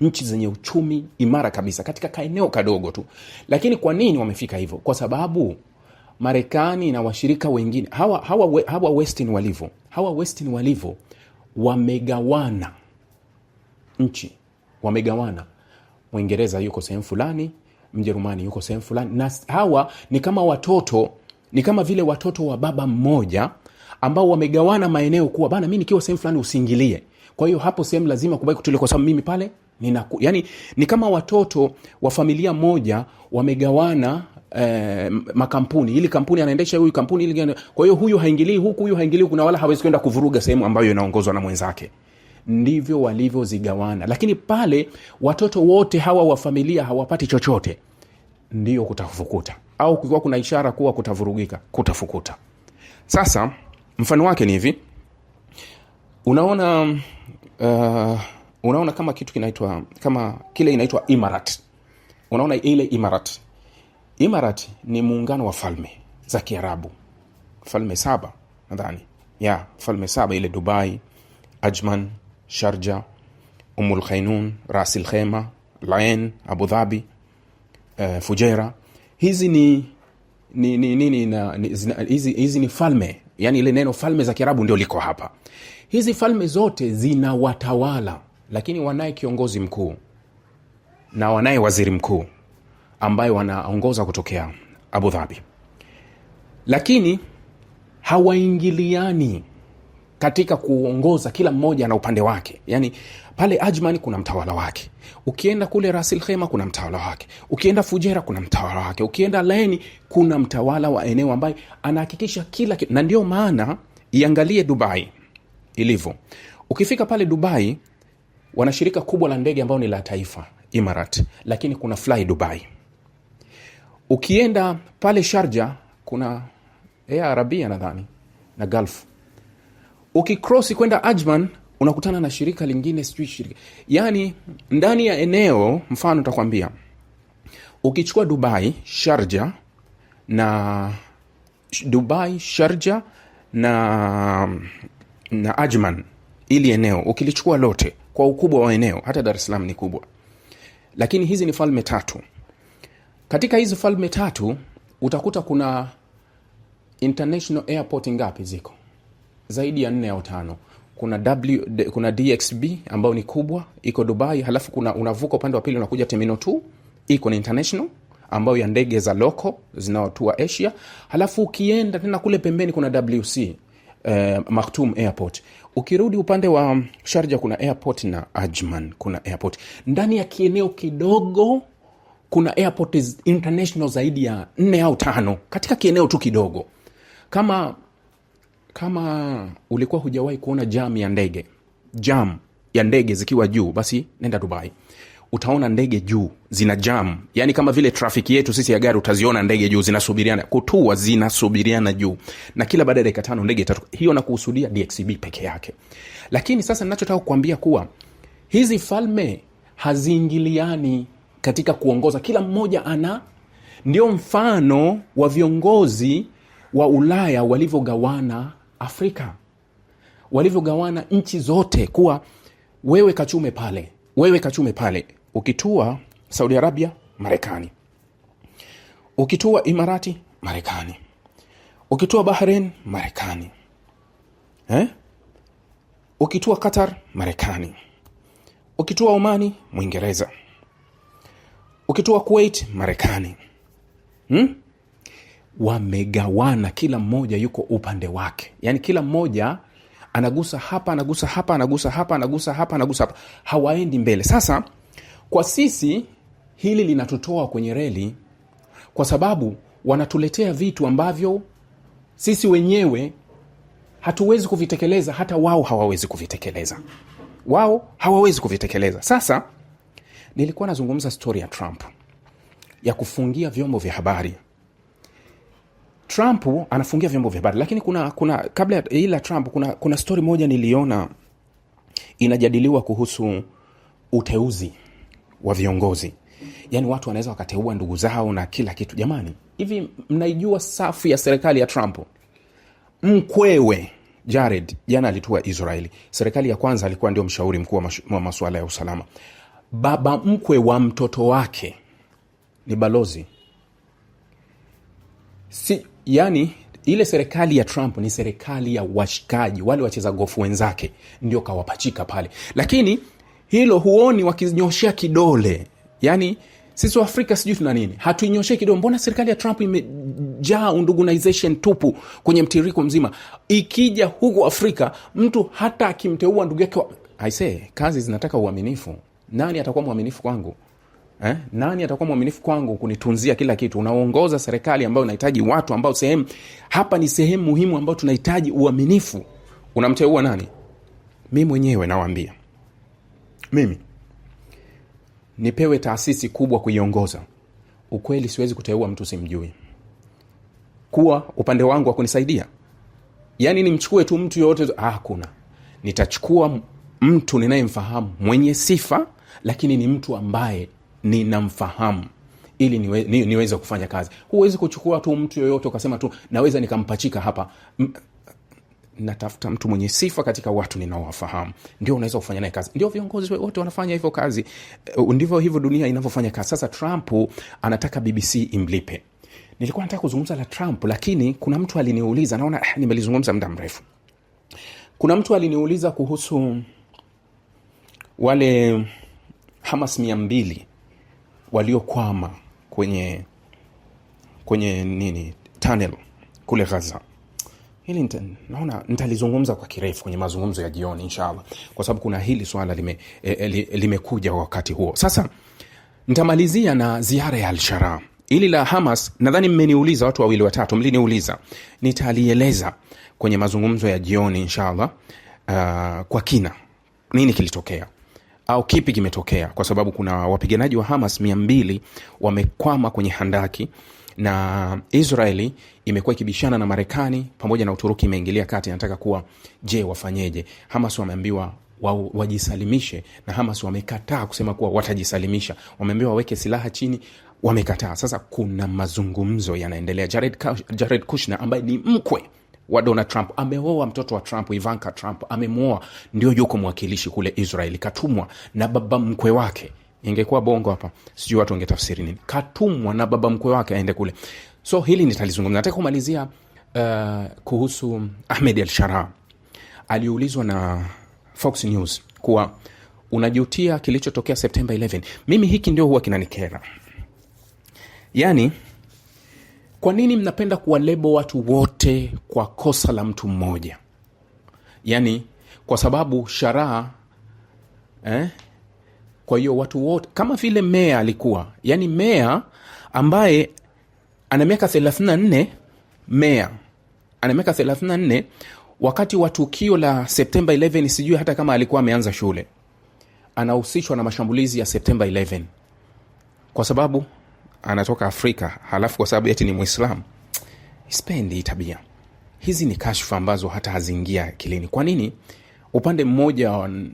nchi zenye uchumi imara kabisa katika kaeneo kadogo tu. Lakini kwa nini wamefika hivyo? Kwa sababu Marekani na washirika wengine hawa, hawa, hawa Western walivyo, hawa Western walivyo, wamegawana nchi, wamegawana. Mwingereza yuko sehemu fulani, Mjerumani yuko sehemu fulani, na hawa ni kama watoto, ni kama vile watoto wa baba mmoja ambao wamegawana maeneo kuwa bana, mi nikiwa sehemu fulani usiingilie. Kwa hiyo hapo sehemu lazima kubaki kutulia, kwa sababu mimi pale Ninaku, yani ni kama watoto wa familia moja wamegawana eh, makampuni. Ili kampuni anaendesha huyu kampuni ili, kwa hiyo huyu haingilii huku, huyu haingilii kuna, wala hawezi kwenda kuvuruga sehemu ambayo inaongozwa na mwenzake. Ndivyo walivyozigawana, lakini pale watoto wote hawa wa familia hawapati chochote, ndio kutafukuta au kukiwa kuna ishara kuwa kutavurugika, kutafukuta. Sasa mfano wake ni hivi, unaona uh, unaona kama kitu kinaitwa kama kile inaitwa imarat unaona ile imarat imarat ni muungano wa falme za kiarabu falme saba nadhani ya falme saba ile dubai ajman sharja umulkhainun rasil ras laen abu dhabi uh, eh, fujera hizi ni ni ni, na ni, zina, hizi, hizi ni falme yani ile neno falme za kiarabu ndio liko hapa hizi falme zote zina watawala lakini wanaye kiongozi mkuu na wanaye waziri mkuu ambaye wanaongoza kutokea Abu Dhabi, lakini hawaingiliani katika kuongoza, kila mmoja na upande wake. Yani pale Ajman kuna mtawala wake, ukienda kule Rasil Khema kuna mtawala wake, ukienda Fujera kuna mtawala wake, ukienda leni kuna mtawala wa eneo ambaye anahakikisha kila kitu, na ndio maana iangalie Dubai ilivyo. Ukifika pale Dubai wana shirika kubwa la ndege ambao ni la taifa Imarat, lakini kuna Fly Dubai. Ukienda pale Sharja kuna Air Arabia nadhani na Gulf. Ukikrosi kwenda Ajman unakutana na shirika lingine, sijui shirika yani ndani ya eneo mfano takwambia, ukichukua Dubai Sharja na Dubai Sharja na na Ajman, ili eneo ukilichukua lote kwa ukubwa wa eneo, hata Dar es Salaam ni kubwa, lakini hizi ni falme tatu. Katika hizi falme tatu utakuta kuna international airport ngapi ziko? Zaidi ya nne au tano. Kuna w, kuna DXB ambayo ni kubwa iko Dubai, halafu kuna unavuka upande wa pili unakuja temino t iko ni international ambayo ya ndege za loko zinaotua Asia, halafu ukienda tena kule pembeni kuna WC eh, Maktoum Airport Ukirudi upande wa Sharja kuna airport na Ajman kuna airport. Ndani ya kieneo kidogo kuna airport international zaidi ya nne au tano katika kieneo tu kidogo. Kama kama ulikuwa hujawahi kuona jam ya ndege, jam ya ndege zikiwa juu, basi nenda Dubai utaona ndege juu zina jam, yani kama vile trafiki yetu sisi ya gari, utaziona ndege juu zinasubiriana kutua, zinasubiriana juu, na kila baada ya dakika tano ndege itatoka. Hiyo nakuhusudia DXB peke yake. Lakini sasa ninachotaka kukuambia kuwa hizi falme haziingiliani katika kuongoza, kila mmoja ana ndio mfano wa viongozi wa Ulaya walivyogawana Afrika, walivyogawana nchi zote, kuwa wewe kachume pale, wewe kachume pale ukitua saudi arabia marekani ukitua imarati marekani ukitua bahrain marekani eh? ukitua qatar marekani ukitua omani mwingereza ukitua kuwait marekani hmm? wamegawana kila mmoja yuko upande wake yaani kila mmoja anagusa hapa anagusa hapa anagusa hapa anagusa hapa anagusa hapa hawaendi mbele sasa kwa sisi hili linatutoa kwenye reli, kwa sababu wanatuletea vitu ambavyo sisi wenyewe hatuwezi kuvitekeleza, hata wao hawawezi kuvitekeleza. Wao hawawezi kuvitekeleza. Sasa nilikuwa nazungumza stori ya Trump ya kufungia vyombo vya habari. Trump anafungia vyombo vya habari, lakini kuna kuna kabla ya ila Trump kuna, kuna stori moja niliona inajadiliwa kuhusu uteuzi wa viongozi. Yaani watu wanaweza wakateua ndugu zao na kila kitu. Jamani, hivi mnaijua safu ya serikali ya Trump? Mkwewe Jared jana alitua Israeli. Serikali ya kwanza alikuwa ndio mshauri mkuu wa masuala ya usalama. Baba mkwe wa mtoto wake ni balozi si, yani ile serikali ya Trump ni serikali ya washikaji, wale wacheza gofu wenzake ndio kawapachika pale, lakini hilo huoni wakinyoshea kidole yani sisi Waafrika sijui tuna nini, hatuinyoshee kidogo. Mbona serikali ya Trump imejaa undugunization tupu kwenye mtiriko mzima? Ikija huku Afrika, mtu hata akimteua ndugu yake, aisee, kazi zinataka uaminifu. Nani atakuwa mwaminifu kwangu eh? Nani atakuwa mwaminifu kwangu kunitunzia kila kitu? Unaongoza serikali ambayo unahitaji watu ambao sehemu hapa ni sehemu muhimu ambayo tunahitaji uaminifu, unamteua nani? Mi mwenyewe nawambia mimi nipewe taasisi kubwa kuiongoza, ukweli siwezi kuteua mtu simjui kuwa upande wangu wa kunisaidia, yaani nimchukue tu mtu yoyote. Ah, hakuna. Nitachukua mtu ninayemfahamu mwenye sifa, lakini ni mtu ambaye ninamfahamu ili niwe, niweze kufanya kazi. Huwezi kuchukua tu mtu yoyote ukasema tu naweza nikampachika hapa M natafuta mtu mwenye sifa katika watu ninaowafahamu, ndio unaweza kufanya naye kazi. Ndio viongozi wote wanafanya hivyo kazi, eh, ndivyo hivyo dunia inavyofanya kazi. Sasa Trump anataka BBC imlipe. Nilikuwa nataka kuzungumza la Trump, lakini kuna mtu aliniuliza, naona eh, nimelizungumza muda mrefu. Kuna mtu aliniuliza kuhusu wale Hamas mia mbili waliokwama kwenye kwenye nini tunnel kule ghaza hili naona nitalizungumza kwa kirefu kwenye mazungumzo ya jioni inshallah, kwa sababu kuna hili swala e, e, limekuja eh, lime wakati huo. Sasa nitamalizia na ziara ya Alshara ili la Hamas. Nadhani mmeniuliza watu wawili watatu, mliniuliza, nitalieleza kwenye mazungumzo ya jioni inshallah, uh, kwa kina nini kilitokea au kipi kimetokea, kwa sababu kuna wapiganaji wa Hamas mia mbili wamekwama kwenye handaki na Israeli imekuwa ikibishana na Marekani pamoja na Uturuki imeingilia kati, nataka kuwa je, wafanyeje? Hamas wameambiwa wa, wajisalimishe na Hamas wamekataa kusema kuwa watajisalimisha. Wameambiwa waweke silaha chini, wamekataa. Sasa kuna mazungumzo yanaendelea. Jared, Jared Kushner ambaye ni mkwe wa Donald Trump ameoa mtoto wa Trump, Ivanka Trump amemwoa, ndio yuko mwakilishi kule israel katumwa na baba mkwe wake ingekuwa bongo hapa, sijui watu wangetafsiri nini. Katumwa na baba mkwe wake aende kule. So hili nitalizungumza, nataka kumalizia uh, kuhusu Ahmed Al Shara. Aliulizwa na Fox News kuwa unajutia kilichotokea Septemba 11. Mimi hiki ndio huwa kinanikera, yani kwa nini mnapenda kuwalebo watu wote kwa kosa la mtu mmoja? yani kwa sababu Sharaa eh, kwa hiyo watu wote kama vile mea alikuwa, yani mea ambaye ana miaka 34, mea ana miaka 34 wakati wa tukio la Septemba 11, sijui hata kama alikuwa ameanza shule, anahusishwa na mashambulizi ya Septemba 11 kwa sababu anatoka Afrika, halafu kwa sababu eti ni mwislam spendi hii tabia. Hizi ni kashfa ambazo hata haziingia akilini. Kwa nini upande mmoja mm,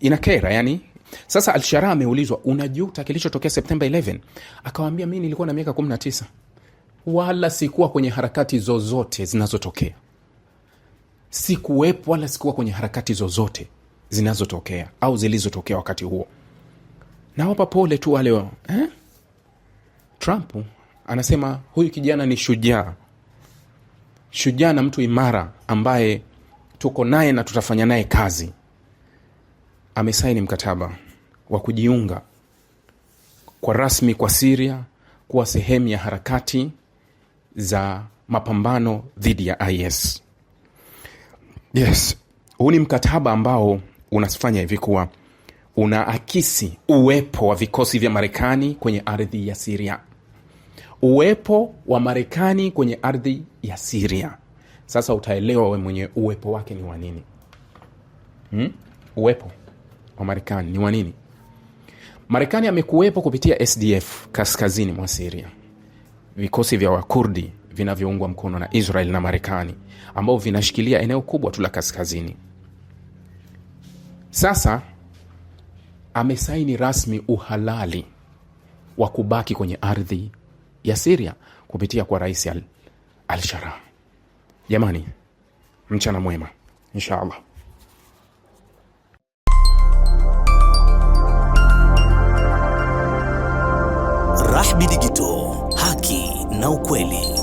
inakera? Yani sasa Alshara ameulizwa unajuta kilichotokea Septemba 11? Akawambia mi nilikuwa na miaka 19 wala sikuwa kwenye harakati zozote zinazotokea, sikuwepo wala sikuwa kwenye harakati zozote zinazotokea au zilizotokea wakati huo. Nawapa pole tu wale eh? Trump anasema huyu kijana ni shujaa, shujaa na mtu imara ambaye tuko naye na tutafanya naye kazi amesaini mkataba wa kujiunga kwa rasmi kwa siria kuwa sehemu ya harakati za mapambano dhidi ya IS. Yes, huu ni mkataba ambao unafanya hivi kuwa unaakisi uwepo wa vikosi vya Marekani kwenye ardhi ya Siria, uwepo wa Marekani kwenye ardhi ya Siria. Sasa utaelewa we mwenye uwepo wake ni wa nini, hmm? uwepo wa Marekani ni wanini Marekani amekuwepo kupitia SDF kaskazini mwa Siria, vikosi vya Wakurdi vinavyoungwa mkono na Israel na Marekani, ambao vinashikilia eneo kubwa tu la kaskazini. Sasa amesaini rasmi uhalali wa kubaki kwenye ardhi ya Siria kupitia kwa Rais al al sharah Jamani, mchana mwema, inshaallah Digital, haki na ukweli.